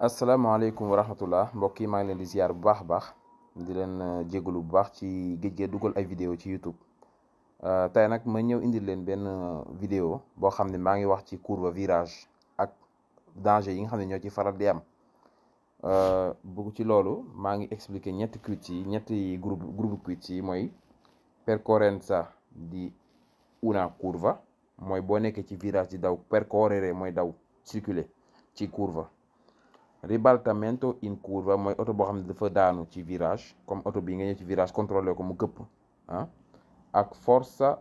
asalaamaaleykum wa rahmatullah mbokk yi maa ngi leen di ziar bu baax a baax di leen euh, jégalu bu baax ci géej gee dugal ay video ci YouTube euh, tey nag ma ñëw indil leen benn euh, vidéo boo xam ne maa ngi wax ci courbe virage ak danger yi nga xam ne ñoo ci faral di am bu ci loolu maa ngi expliquer ñetti quiz yi ñetti groupe groupe quiz yi mooy percorrenza di una curva mooy boo nekkee ci virage di daw percorrere mooy daw circuler ci curva ribaltamento in curva mooy oto boo xam ne dafa daanu ci virage comme oto bi nga ñëw ci virage contrôlé ko mu këpp ah. ak forza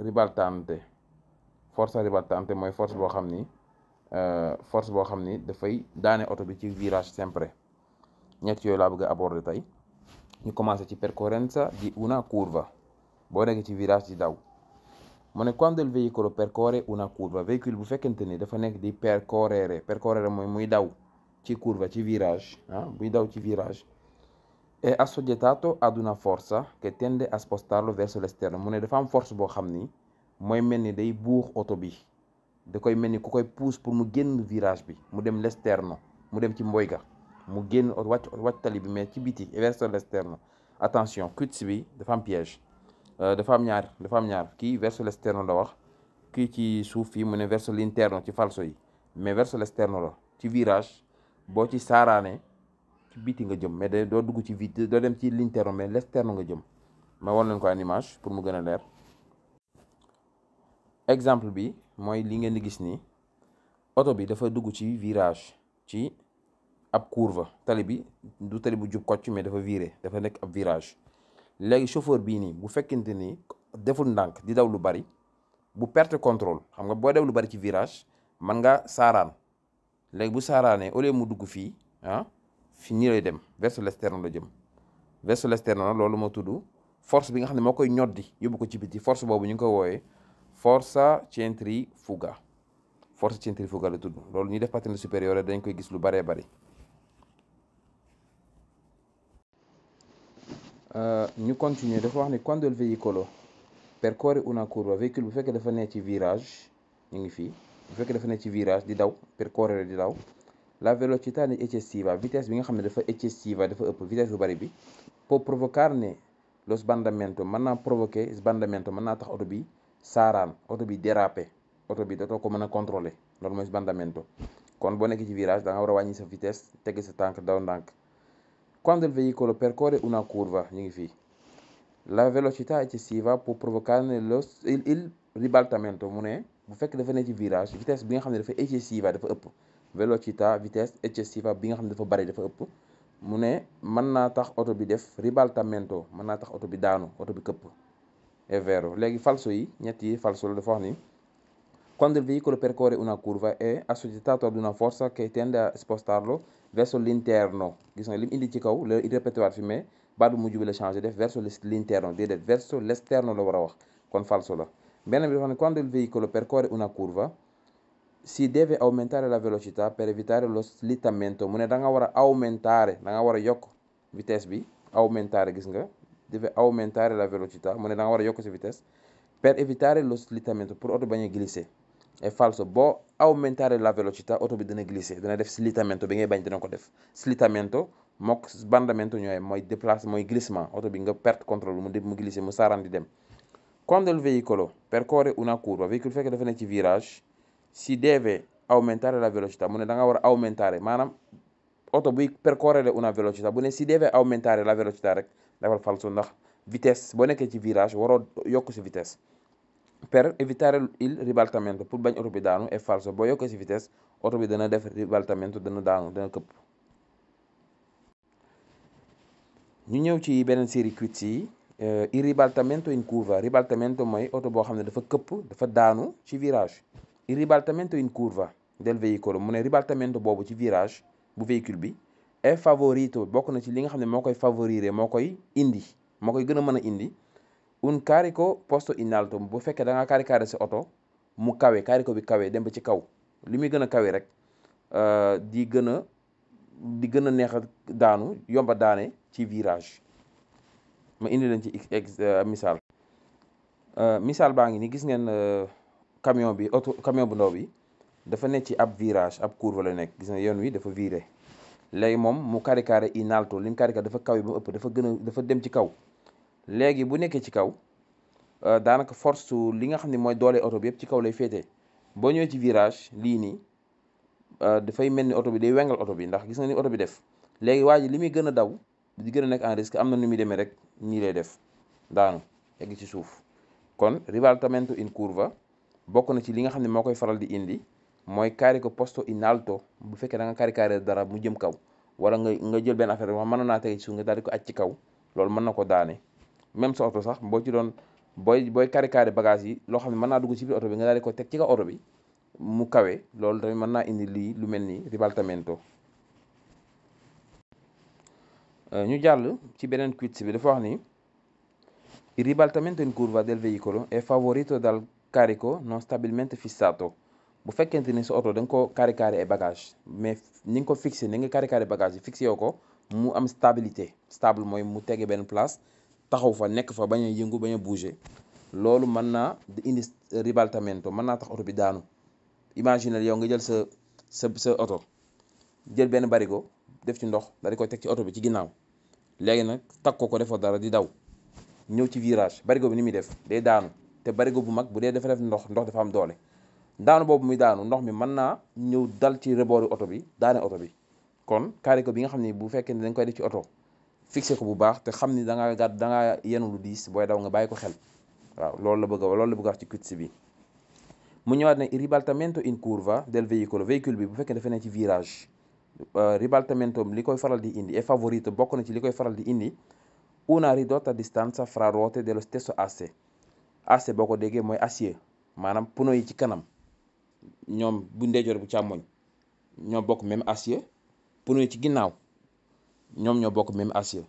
ribaltante forza ribaltante mooy force boo xam ni euh, force boo xam ni dafay daane oto bi ci virage sempre ñett yooyu laa bëgg a aborder tey ñu commencé ci percorrenza di una curva boo nekkee ci virage di daw mu ne quando il veicolo percorre una curva véhicule bu fekkente ni dafa nekk di percorrere percorrere mooy muy daw ci curva ci virage ah buy daw ci virage e assoggettato ad una forza che tende a spostarlo l'esterno mu ne dafa am force boo xam ni mooy mel ni day buux oto bi da koy mel ni ku koy pousse pour mu génn virage bi mu dem l'esterno mu dem ci mboy ga mu génn wàcc wàcc tali bi mais ci biti verso l'esterno attention quiz bi dafa am piège euh, dafa am ñaar dafa am ñaar kii verso l'esterno la wax kii ci suuf yi mu ne verso l'interno ci falso yi mais verso l'esterno la ci virage boo ci saaraane ci biti nga jëm mais da doo dugg ci vite doo dem ci ligne terme les l'externe nga jëm ma wan leen ko en image pour mu gën a leer exemple bi mooy li ngeen di gis nii oto bi dafa dugg ci virage ci ab courbe tali bi du tali bu jub kocc mais dafa viré dafa nekk ab virage léegi chauffeur bii nii bu fekkente ni deful ndànk di daw lu bari bu perte contrôle xam nga boo daw lu bari ci virage mën nga saaraan léegi bu saaraanee au mu dugg fii ah fi nii lay dem verso l'externe la jëm verso l'externe la loolu moo tudd force bi nga xam ne moo koy ñoddi yóbbu ko ci biti force boobu ñu ngi koy wooyee forza centrifuga force centrifuga la tudd loolu ñuy def patin supérieur dañ koy gis lu bëree bëri. Euh, ñu continuer dafa wax ni quando il veicolo percorre una curva véhicule bu fekkee dafa nekk ci virage ñu ngi fii. bu fekkee dafa ne ci virage di daw percorrere di daw la velocità eccessiva vitesse bi nga xam ne dafa eccessiva dafa ëpp vitesse bu bari bi pour provocarne lo sbandamento mën naa provoquer sbandamento mën naa tax oto bi saaraan oto bi déraper oto bi dootoo ko mën a contrôler loolu mooy sbandamento kon boo nekkee ci virage da war a wàññi sa vitesse tegg sa tànk daw ndànk quando il veicolo percorre una curva ñu ngi fii la velocità eccessiva può provocare Ribaltamento mu ne bu fekk dafa ne ci virage vitesse bi nga xam ne dafa eccessiva dafa ëpp velocità vitesse eccessiva bi nga xam ne dafa bari dafa ëpp mu ne mën naa tax oto bi def Ribaltamento mën naa tax oto bi daanu oto bi këpp è vero léegi falso yi ñett yi falso la dafa wax ni quando il veicolo percorre una curva è e assoggettato ad una forza che tende a spostarlo verso l'interno gis nga li mu indi ci kaw la répété waat fi mais baat bu mujj bi la changé def verso l'interno déedéet verso l'esterno la war a wax kon falso la bi Bene ne dicono quando il per percorre una curva si deve aumentare la velocità per evitare lo slittamento mu ne da nga war a aumentare da nga war a yokk vitesse bi aumentare gis nga deve aumentare la velocità mu ne da war a yokk si vitesse per evitare lo slittamento pour oto bañ a glisser e falso boo aumentare la velocità oto bi dina glisser dina def slittamento bi ngay bañ dina ko def slittamento mook sbandamento ñooy mooy déplace mooy glissement oto bi nga perte contrôle mu di mu glisser mu saaraan di dem quando il veicolo percorre una curva véhicule fekk dafa nekk ci virage si deve aumentare la velocità mu ne da nga war a aumentare maanaam oto buy percorrere una velocità bu ne si deve aumentare la velocità rek dafa falso ndax vitesse boo nekkee ci virage waroo yokk si vitesse per evitare il ribaltamento pour bañ oto bi daanu è falso boo yokkee si vitesse oto bi dana def ribaltamento dana daanu dana këpp ñëw ci beneen série quiz Euh, i ribaltamento in curva ribaltamento mooy oto boo xam ne dafa këpp dafa daanu ci virage i ribaltamento in curva del veicolo mu ne ribaltamento boobu ci virage bu véhicule bi è favorito bokk na ci li nga xam ne moo koy favorire moo koy indi moo koy gën a mën a indi un carico post in alto bu fekkee da nga caricare sa oto mu kawe ko bi kawe dem ba ci kaw li muy gën a kawe rek euh, di gën a di gën a neex a daanu yomba daane ci virage ma indi leen ci ex euh, misaal euh, misaal baa ngi ni gis ngeen euh, camion bi oto camion bu ndaw bi dafa ne ci ab virage ab courbe la nekk gis nga yoon wi dafa viré léegi moom mu carré carré in alto li dafa kaw ëpp dafa gën dafa dem ci kaw léegi bu nekkee ci kaw daanaka force li nga xam ne mooy doole oto bi ci kaw lay féetee boo ñëwee ci virage lii nii dafay mel ni oto bi day wengal oto bi ndax gis nga ni oto bi def léegi waa ji li muy gën a daw di gën a nekk en risque am na nu muy demee rek nii lay def daanu egg ci suuf kon ribaltamento in curva bokk na ci li nga xam ne moo koy faral di indi mooy ko posto in alto bu fekkee da nga cari dara mu jëm kaw wala nga nga jël benn affaire wax mën naa tege ci suuf nga daal di ko aj ci kaw loolu mën na ko daane même sa oto sax boo ci doon booy booy cari cari bagage yi loo xam ne mën naa dugg ci biir oto bi nga daal di ko teg ci ka oto bi mu kawe loolu tamit mën naa indi lii lu mel ni ribaltamento Euh, ñu jàll ci beneen quiz bi dafa wax ni ribaltamente in curva del veicolo è favorito dal carico non stabilmente fissato bu fekkente ni sa oto da nga ko carré ay bagage mais ni nga ko fixé ni nga carré carré bagage yi yoo ko mu am stabilité stable mooy mu tege benn place taxaw fa nekk fa bañ a yëngu bañ a bouger loolu mën naa di indi ribaltamento mën naa tax oto bi daanu imaginel yow nga jël sa sa sa oto jël benn barigo def ci ndox daal di koy teg ci oto bi ci ginnaaw léegi nag takk ko ko defoo dara di daw ñëw ci virage barigo bi ni muy def day daanu te barigo bu mag bu dee dafa def ndox ndox dafa am doole daanu boobu muy daanu ndox mi mën naa ñëw dal ci rebooru oto bi daane oto bi kon kaariko bi nga xam ni bu fekkee ne dañ koy def ci oto fixé ko bu baax te xam ni da ngaa gàtt da ngaa yenu lu diis booy daw nga bàyyi ko xel waaw loolu la bëgg loolu la bëgg wax ci quiz bi mu ñëwaat ne ribaltamento in curva del veicolo véhicule bi bu fekkee dafa ne ci Euh, ribaltamentum li koy faral di indi e favorito bokk na ci li koy faral di indi una ridotta distanza fra ruote dello stesso asse asse boo ko déggee mooy acier maanaam pneu yi ci kanam ñoom bu ndeyjoor bu càmmoñ ñoo bokk même acier pneu yi ci ginnaaw ñoom ñoo bokk même acier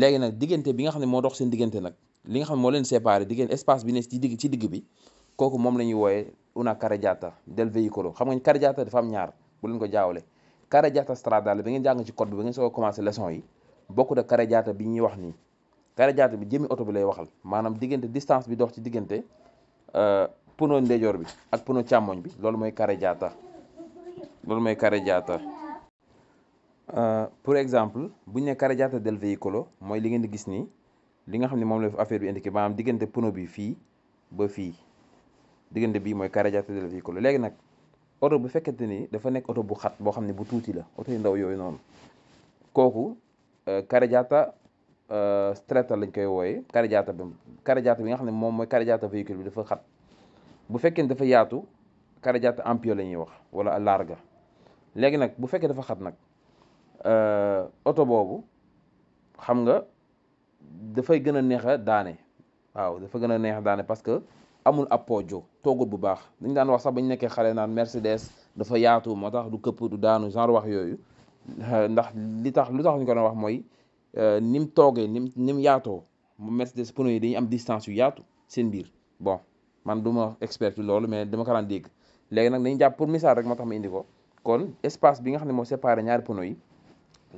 léegi nag diggante bi nga xam ne moo dox seen diggante nag li nga xam ne moo leen séparé diggante espace bi ne ci digg ci digg bi kooku moom la ñuy wooyee una carreggiata del veicolo xam nga carreggiata dafa am ñaar bu leen ko jaawale Karadiata stradale bi ngeen jàng ci code bi ba ngeen soog a commencé leçon yi bokkut ak Karadiata bi ñuy wax nii jaata bi jëmi oto bi lay waxal maanaam diggante distance bi dox ci diggante euh, pono ndeyjoor bi ak pono càmmoñ bi loolu mooy Karadiata loolu mooy Karadiata euh, pour exemple bu ñu ne Karadiata del veicolo mooy li ngeen di gis nii li nga xam ne moom la affaire bi indiqué maanaam diggante pono bi fii ba fii diggante bii mooy Karadiata del veicolo léegi nag. oto bu fekkente ni dafa nekk oto bu xat boo xam ne bu tuuti la oto yu ndaw yooyu noonu kooku carreggiata euh, euh, stretta lañ koy wooye carreggiata bi carreggiata bi nga xam ne moom mooy carreggiata véhicule bi dafa xat bu fekkee ne dafa yaatu carreggiata ampio la ñuy wax wala larga léegi nag bu fekkee dafa xat nag euh, oto boobu xam nga dafay gën a neex daane waaw dafa gën a neex daane parce amul ab pojjo toogul bu baax dañ daan wax sax bañ nekkee xale naan Mercedes dafa yaatu moo tax du këpp du daanu genre wax yooyu ndax li tax lu tax ñu ko doon wax mooy euh, ni mu toogee ni mu ni mu yaatoo Mercedes pneu yi dañu am distance yu yaatu seen biir bon man du ma expert loolu mais dama ko daan dégg léegi nag dañu jàpp pour misaal rek moo tax ma indi ko kon espace bi nga xam ne moo séparé ñaari pneu yi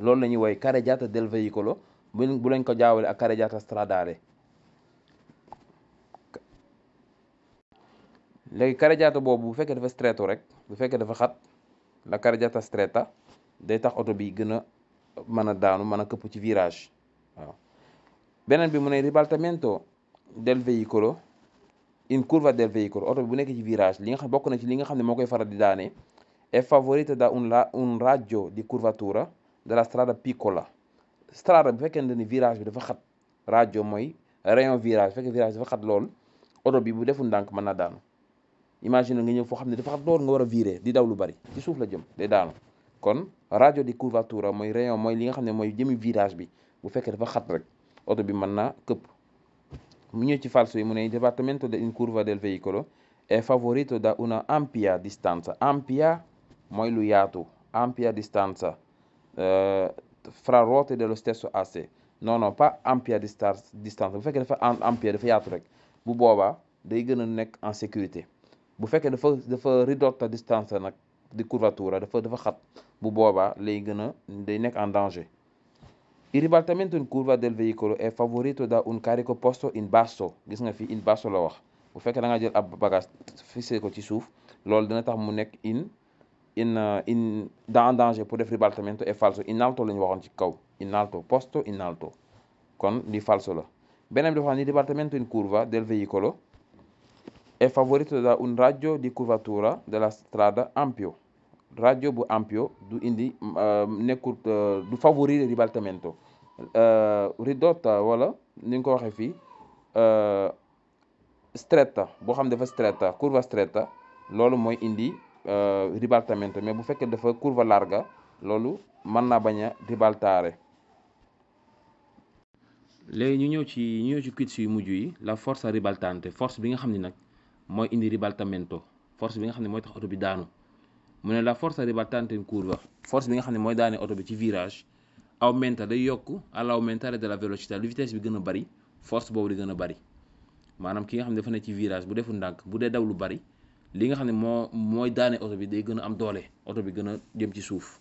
loolu la ñuy woowee carreggiata del veicolo bu bu lañ ko jaawale ak carreggiata stradale léegi carreggiata boobu bu fekkee dafa stretto rek bu fekkee dafa xat la carreggiata stretta day tax auto bi gën a mën a daanu mën a këpp ci virage waaw beneen bi mu ne ribaltamento del veicolo in curva del veicolo oto bi bu nekk ci virage li nga xam bokk na ci li nga xam ne moo koy faral di daane è favorita da un la un raggio di curvatura della strada piccola strada bu fekkee ne virage bi dafa xat raggio mooy rayon virage bu fekkee virage dafa xat lool oto bi bu deful ndànk mën na daanu imagine nga ñëw foo xam ne dafa xam door nga war a virer di daw lu bari ci suuf la jëm day daanu kon radio di curvatura mooy rayon mooy li nga xam ne mooy jëmi virage bi bu fekkee dafa xat rek oto bi mën naa këpp mu ñëw ci falso yi mu ne departamento de une curva del veicolo è favorito da una ampia distanza ampia mooy lu yaatu ampia distanza euh, fra ruote dello stesso asse non non pas ampia distanza bu fekkee dafa ampia dafa yaatu rek bu boobaa day gën a nekk en sécurité bu fekkee dafa dafa ridotta distance nag di curvatura dafa dafa xat bu boobaa lay gën a day nekk en danger il ribaltamento in curva del veicolo è favorito da un carico posto in basso gis nga fi in basso la wax bu fekkee da nga jël ab bagage fixé ko ci suuf loolu dana tax mu nekk in in uh, in dans danger pour def ribaltamento è falso in alto la ñu waxoon ci kaw in alto posto in alto kon li falso la beneen bi dafa xam ni ribaltamento in curva del veicolo è favorite da un raggio di de la strada ampio raggio bu ampio du indi mm, ehm, nekkul eh, du favorire ribaltamento eh, ridotta wala ni nga ko waxee fii eh, stretta boo xam dafa stretta curva stretta loolu mooy indi ribaltamento mais bu fekkee dafa curva larga loolu mën naa bañ a ribaltare léegi ñu ñëw ci ñu ñëw ci quiz yu mujj yi la forza ribaltante force bi nga xam ni nag mooy indi ribaltamento force bi nga xam ne mooy tax oto bi daanu mu ne la forza ribaltante in curva force bi nga xam ne mooy daane oto bi ci virage aumenta day yokk all'aumentare della velocità lu vitesse bi gën a bari force boobu di gën a bari maanaam ki nga xam ne dafa ne ci virage bu defu ndànk bu dee daw lu bari li nga xam ne moo mooy daane oto bi day gën a am doole oto bi gën a jëm ci suuf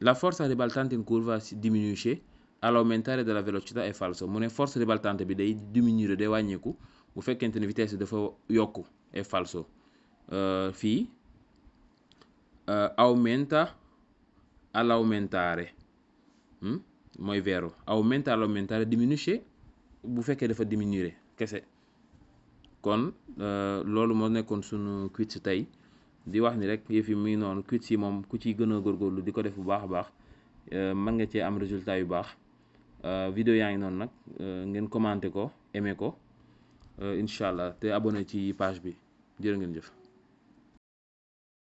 la forza ribaltante in curva diminuisce all'aumentare della velocità è falso mu ne force ribaltante bi day diminuer day wàññeeku bu fekkente ne vitesse dafa yokku è falso euh, fii euh, aumenta all'aumentare hmm? mooy vero aumenta all'aumentare diminuisce bu fekkee dafa diminuer kese kon euh, loolu moo nekkoon sunu quiz tey di wax ni rek yëf yi muy noonu quiz yi moom ku ciy gën a góorgóorlu di ko def bu baax a baax mën nga cee am résultat yu baax video yaa ngi noonu nag ngeen commenté ko aimé ko Euh, incha allah te abonné ci page bi jërë ngeen jëf